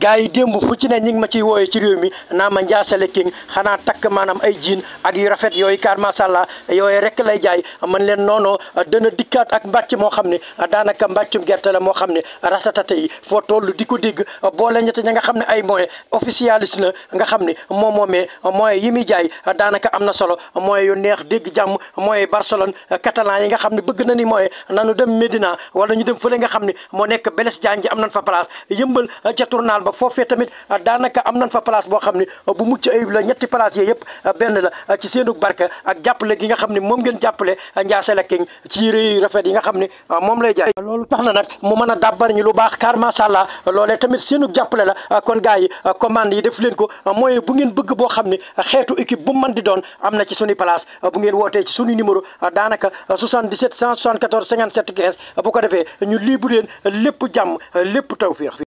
gaa yi démb fu ci ne ñi ngi ma ciy wooyee ci réew mi naa ma njaasale king xanaa takk maanaam ay jiin ak yu rafet yooyu kaar masàllaa yooyu rek lay jaay man leen noonu dana dikkaat ak mbàcc moo xam ne daanaka mbàccum gerte la moo xam ne ratatate yi foo toll di ko dégg boole ñetti ña nga xam ne ay moyen officialis na nga xam ne moom moomee moyen yi muy jaay daanaka am na solo mooy yu neex dégg jàmm mooy Barcelone catalan yi nga xam ne bëgg na ni mooy nanu dem Médina wala ñu dem fële nga xam ne moo nekk Blaise Diagne am nañ fa place yëmbal ca ba foofee tamit ah, daanaka am nañ fa place boo xam ne ah, bu mucc ayib la ñetti place yee yëpp ah, benn la ci seenug barke ak jàppale gi nga xam ne moom ngeen jàppale la Laking ci yére yu yi nga xam ne moom lay jaay loolu tax na nag mu mën a dàbbar ñu lu baax car macha loole tamit seenu jàppale la kon gars yi commande yi def leen ko mooy bu ngeen bëgg boo xam ne xeetu équipe bu mën di doon am na ci suñu place bu ngeen wootee ci suñu numéro daanaka 77 174 57 15 bu ko defee ñu libre leen lépp jàmm lépp tawféex